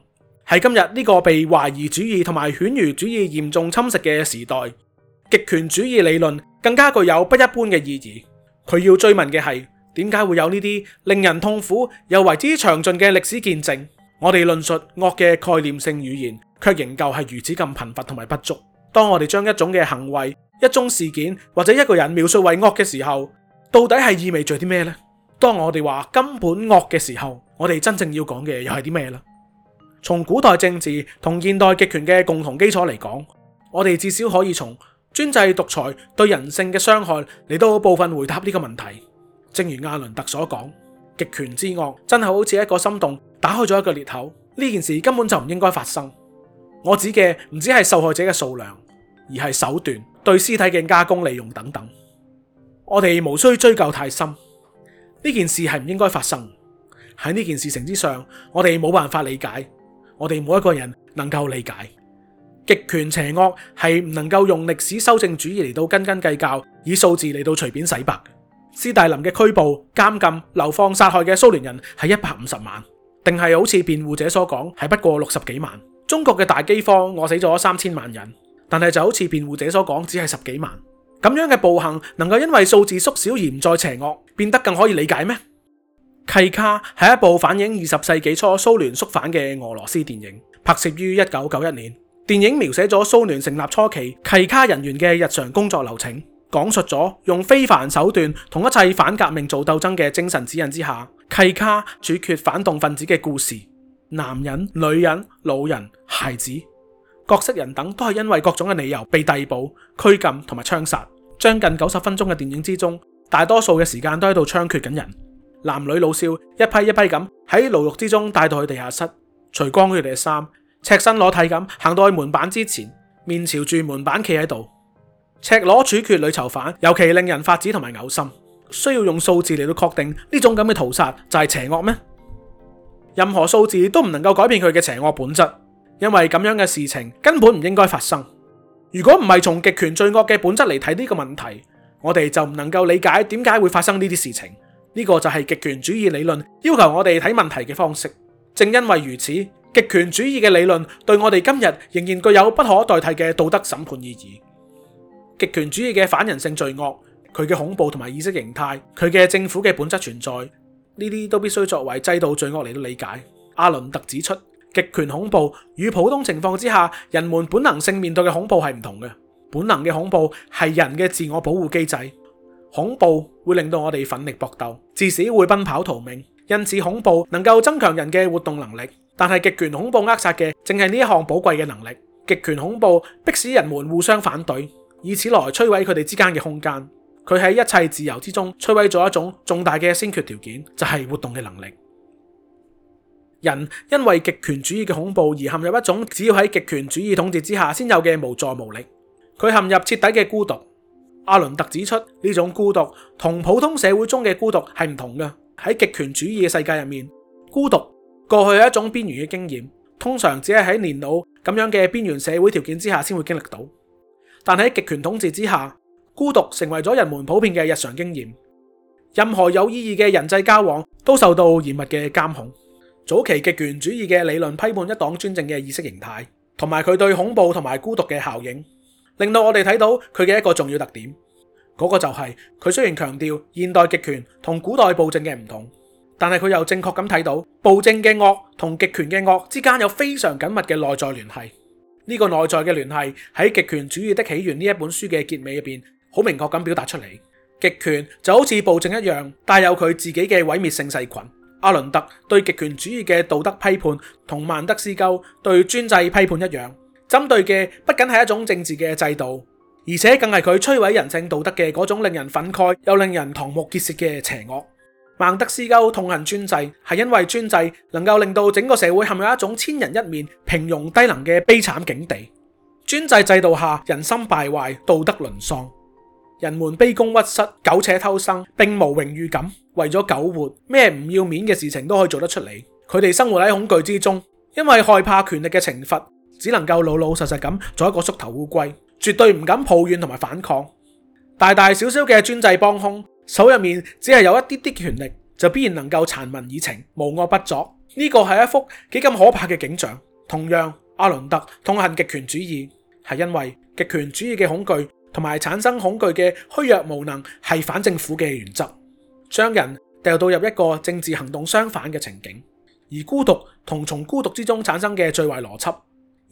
A: 喺今日呢個被懷疑主義同埋犬儒主義嚴重侵蝕嘅時代，極權主義理論更加具有不一般嘅意義。佢要追問嘅係，點解會有呢啲令人痛苦又為之詳盡嘅歷史見證我們論？我哋論述惡嘅概念性語言，卻仍舊係如此咁貧乏同埋不足。當我哋將一種嘅行為、一宗事件或者一個人描述為惡嘅時候，到底係意味着啲咩呢？當我哋話根本惡嘅時候，我哋真正要講嘅又係啲咩呢？從古代政治同現代極權嘅共同基礎嚟講，我哋至少可以從專制獨裁對人性嘅傷害嚟到部分回答呢個問題。正如阿倫特所講，極權之惡真係好似一個心動，打開咗一個裂口。呢件事根本就唔應該發生。我指嘅唔止係受害者嘅數量，而係手段對屍體嘅加工、利用等等。我哋無需追究太深，呢件事係唔應該發生。喺呢件事情之上，我哋冇辦法理解。我哋每一個人能夠理解極權邪惡係唔能夠用歷史修正主義嚟到斤斤計較，以數字嚟到隨便洗白。斯大林嘅拘捕、監禁、流放、殺害嘅蘇聯人係一百五十萬，定係好似辯護者所講係不過六十幾萬？中國嘅大飢荒餓死咗三千萬人，但係就好似辯護者所講，只係十幾萬。咁樣嘅暴行能夠因為數字縮小而唔再邪惡，變得更可以理解咩？契卡係一部反映二十世紀初蘇聯肅反嘅俄羅斯電影，拍攝於一九九一年。電影描寫咗蘇聯成立初期契卡人員嘅日常工作流程，講述咗用非凡手段同一切反革命做鬥爭嘅精神指引之下，契卡處決反動分子嘅故事。男人、女人、老人、孩子、各色人等都係因為各種嘅理由被逮捕、拘禁同埋槍殺。將近九十分鐘嘅電影之中，大多數嘅時間都喺度槍決緊人。男女老少一批一批咁喺牢獄之中帶到去地下室，除光佢哋嘅衫，赤身裸體咁行到去門板之前，面朝住門板企喺度，赤裸處決女囚犯，尤其令人發指同埋嘔心。需要用數字嚟到確定呢種咁嘅屠殺就係邪惡咩？任何數字都唔能夠改變佢嘅邪惡本質，因為咁樣嘅事情根本唔應該發生。如果唔係從極權罪惡嘅本質嚟睇呢個問題，我哋就唔能夠理解點解會發生呢啲事情。呢個就係極權主義理論要求我哋睇問題嘅方式。正因為如此，極權主義嘅理論對我哋今日仍然具有不可代替嘅道德審判意義。極權主義嘅反人性罪惡，佢嘅恐怖同埋意識形態，佢嘅政府嘅本質存在，呢啲都必須作為制度罪惡嚟到理解。阿倫特指出，極權恐怖與普通情況之下人們本能性面對嘅恐怖係唔同嘅。本能嘅恐怖係人嘅自我保護機制。恐怖會令到我哋奮力搏鬥，致使會奔跑逃命。因此，恐怖能夠增強人嘅活動能力。但係極權恐怖扼殺嘅，正係呢一項寶貴嘅能力。極權恐怖迫使人們互相反對，以此來摧毀佢哋之間嘅空間。佢喺一切自由之中摧毀咗一種重大嘅先決條件，就係活動嘅能力。人因為極權主義嘅恐怖而陷入一種，只要喺極權主義統治之下先有嘅無助無力。佢陷入徹底嘅孤獨。阿倫特指出，呢種孤獨同普通社會中嘅孤獨係唔同嘅。喺極權主義嘅世界入面，孤獨過去係一種邊緣嘅經驗，通常只係喺年老咁樣嘅邊緣社會條件之下先會經歷到。但喺極權統治之下，孤獨成為咗人們普遍嘅日常經驗。任何有意義嘅人際交往都受到嚴密嘅監控。早期極權主義嘅理論批判一黨專政嘅意識形態，同埋佢對恐怖同埋孤獨嘅效應。令到我哋睇到佢嘅一個重要特點，嗰個就係佢雖然強調現代極權同古代暴政嘅唔同，但係佢又正確咁睇到暴政嘅惡同極權嘅惡之間有非常緊密嘅內在聯繫。呢個內在嘅聯繫喺《極權主義的起源》呢一本書嘅結尾入邊，好明確咁表達出嚟。極權就好似暴政一樣，帶有佢自己嘅毀滅性細菌。阿倫特對極權主義嘅道德批判，同曼德斯鳩對專制批判一樣。針對嘅不僅係一種政治嘅制度，而且更係佢摧毀人性道德嘅嗰種令人憤慨又令人瞠目結舌嘅邪惡。孟德斯鳩痛恨專制，係因為專制能夠令到整個社會陷入一種千人一面、平庸低能嘅悲慘境地。專制制度下，人心敗壞，道德淪喪，人們卑躬屈膝、苟且偷生，並無榮譽感，為咗苟活，咩唔要面嘅事情都可以做得出嚟。佢哋生活喺恐懼之中，因為害怕權力嘅懲罰。只能夠老老實實咁做一個縮頭烏龜，絕對唔敢抱怨同埋反抗。大大小小嘅專制幫兇，手入面只係有一啲啲權力，就必然能夠殘民以情，無惡不作。呢個係一幅幾咁可怕嘅景象。同樣，阿倫特痛恨極權主義，係因為極權主義嘅恐懼同埋產生恐懼嘅虛弱無能係反政府嘅原則，將人掉到入一個政治行動相反嘅情景，而孤獨同從孤獨之中產生嘅最壞邏輯。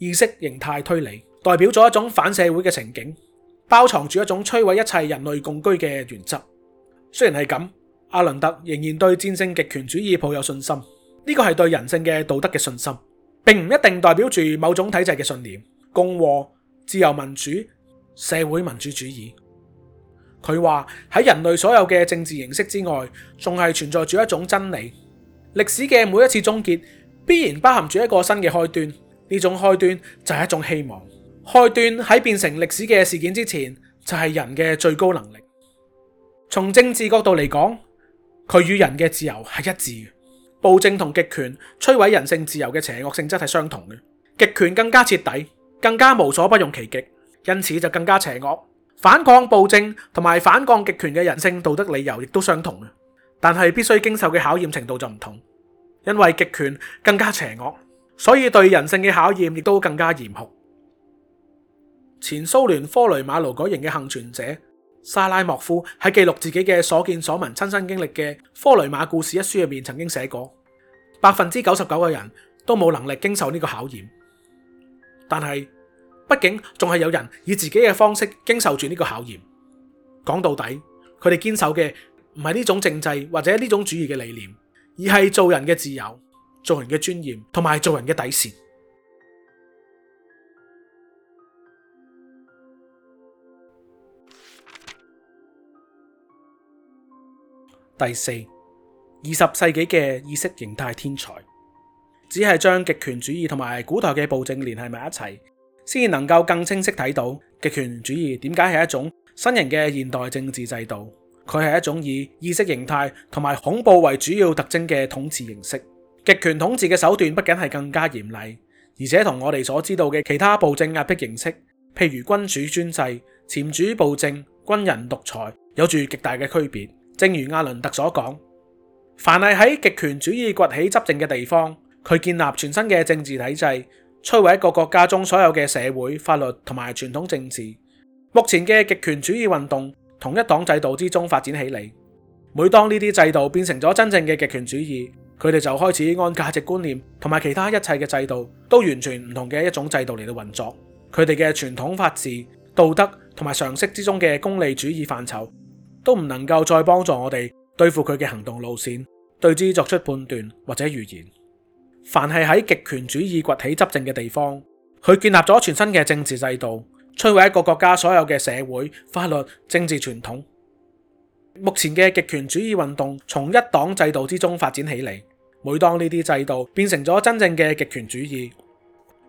A: 意識形態推理代表咗一種反社會嘅情景，包藏住一種摧毀一切人類共居嘅原則。雖然係咁，阿倫特仍然對戰勝極權主義抱有信心。呢個係對人性嘅道德嘅信心，並唔一定代表住某種體制嘅信念。共和、自由、民主、社會民主主義。佢話喺人類所有嘅政治形式之外，仲係存在住一種真理。歷史嘅每一次終結，必然包含住一個新嘅開端。呢種開端就係一種希望，開端喺變成歷史嘅事件之前，就係人嘅最高能力。從政治角度嚟講，佢與人嘅自由係一致嘅。暴政同極權摧毀人性自由嘅邪惡性質係相同嘅，極權更加徹底，更加無所不用其極，因此就更加邪惡。反抗暴政同埋反抗極權嘅人性道德理由亦都相同，但係必須經受嘅考驗程度就唔同，因為極權更加邪惡。所以對人性嘅考驗亦都更加嚴酷。前蘇聯科雷馬勞改營嘅幸存者沙拉莫夫喺記錄自己嘅所見所聞、親身經歷嘅《科雷馬故事》一書入面，曾經寫過：百分之九十九嘅人都冇能力經受呢個考驗。但係，畢竟仲係有人以自己嘅方式經受住呢個考驗。講到底，佢哋堅守嘅唔係呢種政制或者呢種主義嘅理念，而係做人嘅自由。做人嘅尊嚴同埋做人嘅底線。第四，二十世紀嘅意識形態天才，只係將極權主義同埋古代嘅暴政聯繫埋一齊，先能夠更清晰睇到極權主義點解係一種新型嘅現代政治制度。佢係一種以意識形態同埋恐怖為主要特徵嘅統治形式。極權統治嘅手段不僅係更加嚴厲，而且同我哋所知道嘅其他暴政壓迫形式，譬如君主專制、潛主暴政、軍人獨裁，有住極大嘅區別。正如阿倫特所講，凡係喺極權主義崛起執政嘅地方，佢建立全新嘅政治體制，摧毀一個國家中所有嘅社會、法律同埋傳統政治。目前嘅極權主義運動，同一黨制度之中發展起嚟。每當呢啲制度變成咗真正嘅極權主義，佢哋就開始按價值觀念同埋其他一切嘅制度都完全唔同嘅一種制度嚟到運作，佢哋嘅傳統法治、道德同埋常識之中嘅功利主義範疇，都唔能夠再幫助我哋對付佢嘅行動路綫，對之作出判斷或者預言。凡係喺極權主義崛起執政嘅地方，佢建立咗全新嘅政治制度，摧毀一個國家所有嘅社會、法律、政治傳統。目前嘅極權主義運動從一黨制度之中發展起嚟。每當呢啲制度變成咗真正嘅極權主義，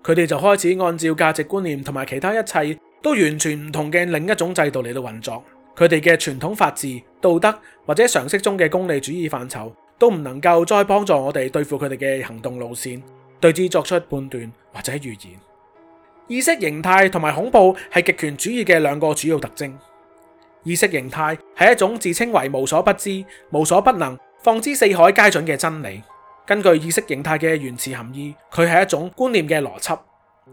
A: 佢哋就開始按照價值觀念同埋其他一切都完全唔同嘅另一種制度嚟到運作。佢哋嘅傳統法治、道德或者常識中嘅功利主義範疇，都唔能夠再幫助我哋對付佢哋嘅行動路線，對之作出判斷或者預言。意識形態同埋恐怖係極權主義嘅兩個主要特徵。意識形態係一種自稱為無所不知、無所不能、放之四海皆準嘅真理。根據意識形態嘅原始含義，佢係一種觀念嘅邏輯，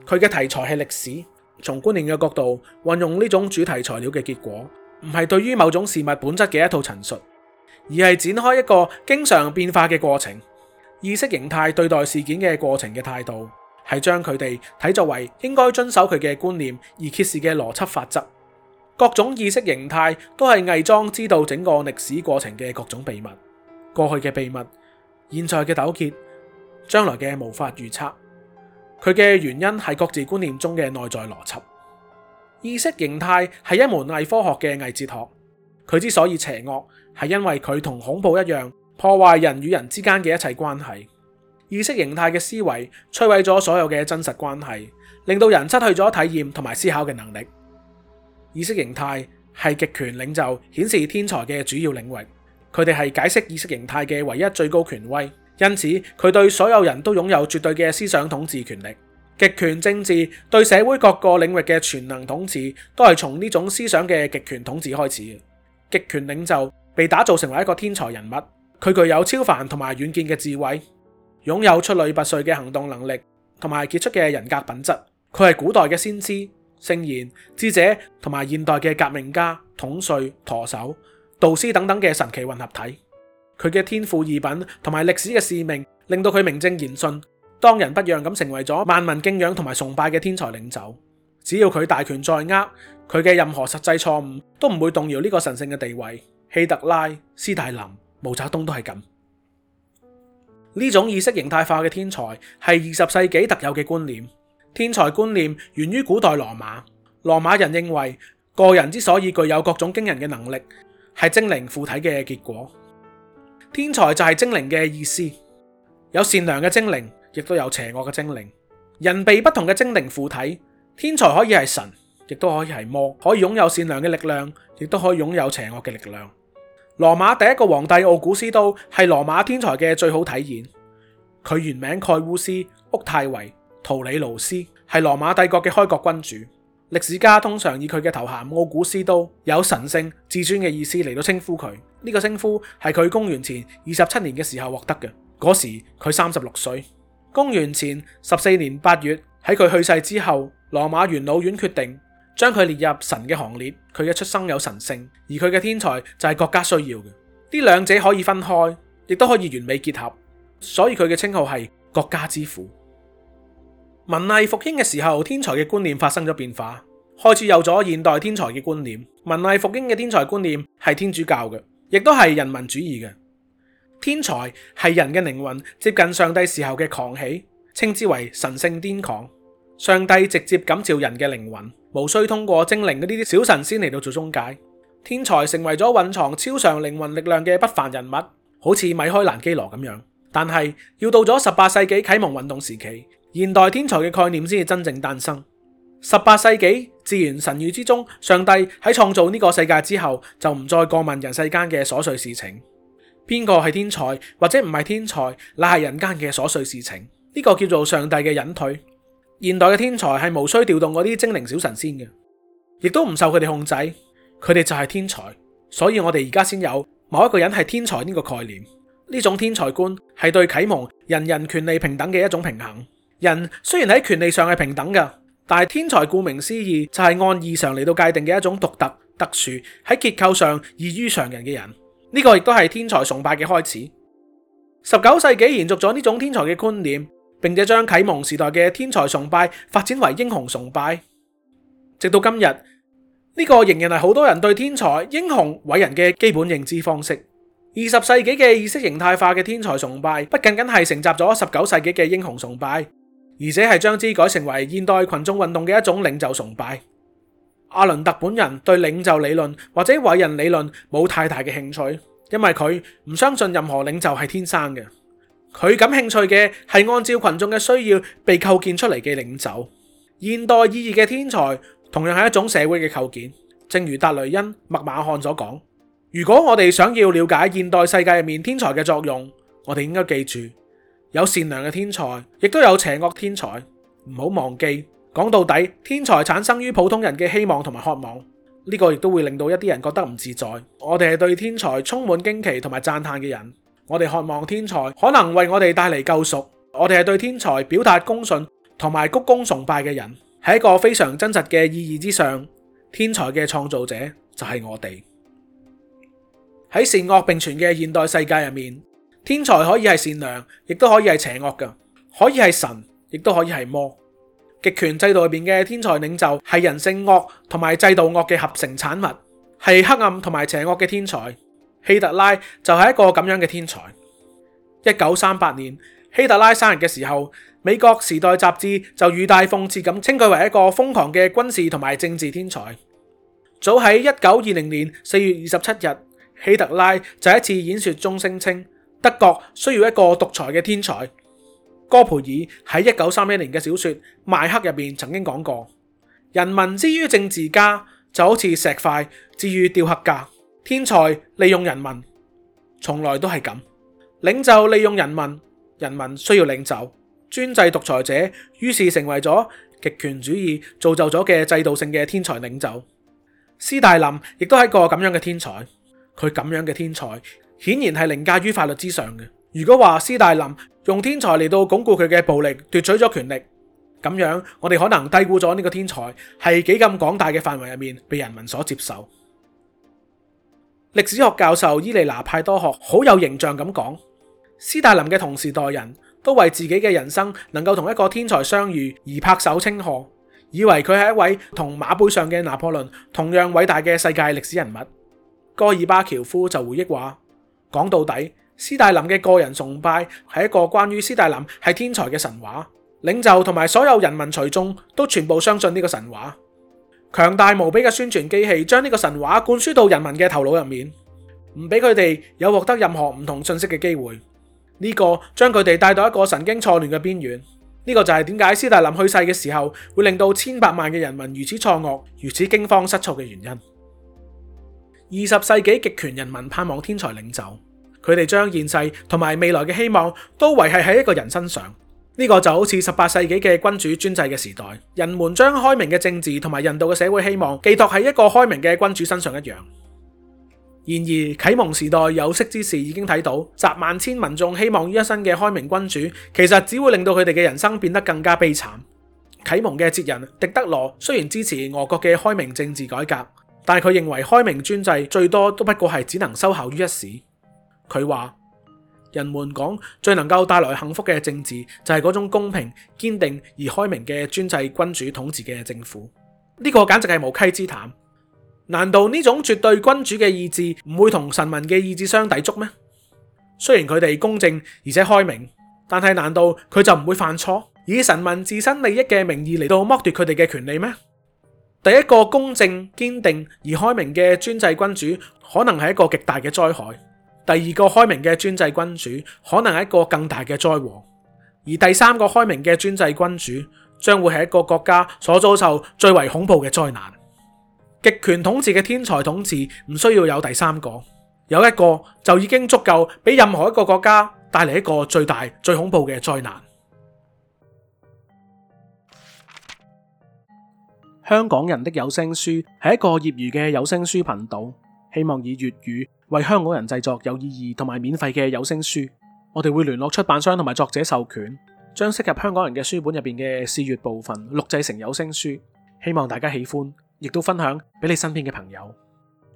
A: 佢嘅題材係歷史。從觀念嘅角度運用呢種主題材料嘅結果，唔係對於某種事物本質嘅一套陳述，而係展開一個經常變化嘅過程。意識形態對待事件嘅過程嘅態度，係將佢哋睇作為應該遵守佢嘅觀念而揭示嘅邏輯法則。各種意識形態都係偽裝知道整個歷史過程嘅各種秘密，過去嘅秘密。現在嘅糾結，將來嘅無法預測，佢嘅原因係各自觀念中嘅內在邏輯。意識形態係一門偽科學嘅偽哲學，佢之所以邪惡，係因為佢同恐怖一樣，破壞人與人之間嘅一切關係。意識形態嘅思維摧毀咗所有嘅真實關係，令到人失去咗體驗同埋思考嘅能力。意識形態係極權領袖顯示天才嘅主要領域。佢哋係解釋意識形態嘅唯一最高權威，因此佢對所有人都擁有絕對嘅思想統治權力。極權政治對社會各個領域嘅全能統治，都係從呢種思想嘅極權統治開始。極權領袖被打造成為一個天才人物，佢具有超凡同埋遠見嘅智慧，擁有出類拔萃嘅行動能力同埋傑出嘅人格品質。佢係古代嘅先知、聖賢、智者，同埋現代嘅革命家、統帥、舵手。導師等等嘅神奇混合體，佢嘅天賦異稟，同埋歷史嘅使命，令到佢名正言順、當仁不讓咁成為咗萬民敬仰同埋崇拜嘅天才領袖。只要佢大權在握，佢嘅任何實際錯誤都唔會動搖呢個神聖嘅地位。希特拉、斯大林、毛澤東都係咁。呢種意識形態化嘅天才係二十世紀特有嘅觀念。天才觀念源於古代羅馬，羅馬人認為個人之所以具有各種驚人嘅能力，係精靈附體嘅結果，天才就係精靈嘅意思。有善良嘅精靈，亦都有邪惡嘅精靈。人被不同嘅精靈附體，天才可以係神，亦都可以係魔，可以擁有善良嘅力量，亦都可以擁有邪惡嘅力量。羅馬第一個皇帝奧古斯都係羅馬天才嘅最好體現。佢原名蓋烏斯·屋太維·圖里盧斯，係羅馬帝國嘅開國君主。歷史家通常以佢嘅頭銜奧古斯都有神聖至尊嘅意思嚟到稱呼佢，呢個稱呼係佢公元前二十七年嘅時候獲得嘅。嗰時佢三十六歲。公元前十四年八月喺佢去世之後，羅馬元老院決定將佢列入神嘅行列。佢嘅出生有神聖，而佢嘅天才就係國家需要嘅。呢兩者可以分開，亦都可以完美結合。所以佢嘅稱號係國家之父。文藝復興嘅時候，天才嘅觀念發生咗變化，開始有咗現代天才嘅觀念。文藝復興嘅天才觀念係天主教嘅，亦都係人文主義嘅。天才係人嘅靈魂接近上帝時候嘅狂喜，稱之為神性癲狂。上帝直接感召人嘅靈魂，無需通過精靈嗰啲啲小神仙嚟到做中介。天才成為咗蘊藏超常靈魂力量嘅不凡人物，好似米開蘭基羅咁樣。但係要到咗十八世紀啟蒙運動時期。現代天才嘅概念先至真正誕生。十八世紀自然神語之中，上帝喺創造呢個世界之後就唔再過問人世間嘅瑣碎事情。邊個係天才或者唔係天才，乃係人間嘅瑣碎事情。呢個叫做上帝嘅隱退。現代嘅天才係無需調動嗰啲精靈小神仙嘅，亦都唔受佢哋控制。佢哋就係天才，所以我哋而家先有某一個人係天才呢個概念。呢種天才觀係對啟蒙人人權利平等嘅一種平衡。人雖然喺權利上係平等嘅，但係天才顧名思義就係按異常嚟到界定嘅一種獨特特殊喺結構上異於常人嘅人。呢個亦都係天才崇拜嘅開始。十九世紀延續咗呢種天才嘅觀念，並且將啟蒙時代嘅天才崇拜發展為英雄崇拜。直到今日，呢個仍然係好多人對天才、英雄、偉人嘅基本認知方式。二十世紀嘅意識形態化嘅天才崇拜，不僅僅係承襲咗十九世紀嘅英雄崇拜。而且係將之改成為現代群眾運動嘅一種領袖崇拜。阿倫特本人對領袖理論或者偉人理論冇太大嘅興趣，因為佢唔相信任何領袖係天生嘅。佢感興趣嘅係按照群眾嘅需要被構建出嚟嘅領袖。現代意義嘅天才同樣係一種社會嘅構建。正如達雷恩麥馬漢所講：「如果我哋想要了解現代世界入面天才嘅作用，我哋應該記住。有善良嘅天才，亦都有邪惡天才。唔好忘記，講到底，天才產生於普通人嘅希望同埋渴望。呢個亦都會令到一啲人覺得唔自在。我哋係對天才充滿驚奇同埋讚嘆嘅人。我哋渴望天才可能為我哋帶嚟救贖。我哋係對天才表達恭順同埋鞠躬崇拜嘅人。喺一個非常真實嘅意義之上，天才嘅創造者就係我哋。喺善惡並存嘅現代世界入面，天才可以係善良，亦都可以係邪惡嘅，可以係神，亦都可以係魔。極權制度入邊嘅天才領袖係人性惡同埋制度惡嘅合成產物，係黑暗同埋邪惡嘅天才。希特拉就係一個咁樣嘅天才。一九三八年希特拉生日嘅時候，美國時代雜誌就語帶諷刺咁稱佢為一個瘋狂嘅軍事同埋政治天才。早喺一九二零年四月二十七日，希特拉就一次演說中聲稱。德國需要一個獨裁嘅天才。戈培爾喺一九三一年嘅小說《邁克》入面曾經講過：人民之於政治家就好似石塊之於雕刻家。天才利用人民，從來都係咁。領袖利用人民，人民需要領袖。專制獨裁者於是成為咗極權主義造就咗嘅制度性嘅天才領袖。斯大林亦都係一個咁樣嘅天才，佢咁樣嘅天才。顯然係凌駕於法律之上嘅。如果話斯大林用天才嚟到鞏固佢嘅暴力，奪取咗權力，咁樣我哋可能低估咗呢個天才係幾咁廣大嘅範圍入面被人民所接受。 歷史學教授伊利拿派多學好有形象咁講：斯大林嘅同時代人都為自己嘅人生能夠同一個天才相遇而拍手稱賀，以為佢係一位同馬背上嘅拿破崙同樣偉大嘅世界歷史人物。戈爾巴喬夫就回憶話。講到底，斯大林嘅個人崇拜係一個關於斯大林係天才嘅神話，領袖同埋所有人民隨眾都全部相信呢個神話。強大無比嘅宣傳機器將呢個神話灌輸到人民嘅頭腦入面，唔俾佢哋有獲得任何唔同信息嘅機會。呢個將佢哋帶到一個神經錯亂嘅邊緣。呢個就係點解斯大林去世嘅時候會令到千百萬嘅人民如此錯愕、如此驚慌失措嘅原因。二十世紀極權人民盼望天才領袖，佢哋將現世同埋未來嘅希望都維係喺一個人身上，呢個就好似十八世紀嘅君主專制嘅時代，人們將開明嘅政治同埋人道嘅社會希望寄託喺一個開明嘅君主身上一樣。然而啟蒙時代有識之士已經睇到，集萬千民眾希望於一身嘅開明君主，其實只會令到佢哋嘅人生變得更加悲慘。啟蒙嘅哲人狄德羅雖然支持俄國嘅開明政治改革。但係佢認為開明專制最多都不過係只能收效於一時。佢話：人們講最能夠帶來幸福嘅政治就係嗰種公平、堅定而開明嘅專制君主統治嘅政府。呢個簡直係無稽之談。難道呢種絕對君主嘅意志唔會同臣民嘅意志相抵觸咩？雖然佢哋公正而且開明，但係難道佢就唔會犯錯，以臣民自身利益嘅名義嚟到剝奪佢哋嘅權利咩？第一個公正、堅定而開明嘅專制君主，可能係一個極大嘅災害；第二個開明嘅專制君主，可能係一個更大嘅災禍；而第三個開明嘅專制君主，將會係一個國家所遭受最為恐怖嘅災難。極權統治嘅天才統治，唔需要有第三個，有一個就已經足夠，俾任何一個國家帶嚟一個最大、最恐怖嘅災難。香港人的有聲書係一個業餘嘅有聲書頻道，希望以粵語為香港人製作有意義同埋免費嘅有聲書。我哋會聯絡出版商同埋作者授權，將適合香港人嘅書本入邊嘅試閱部分錄製成有聲書，希望大家喜歡，亦都分享俾你身邊嘅朋友。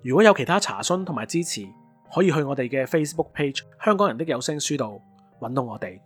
A: 如果有其他查詢同埋支持，可以去我哋嘅 Facebook page《香港人的有聲書》度揾到我哋。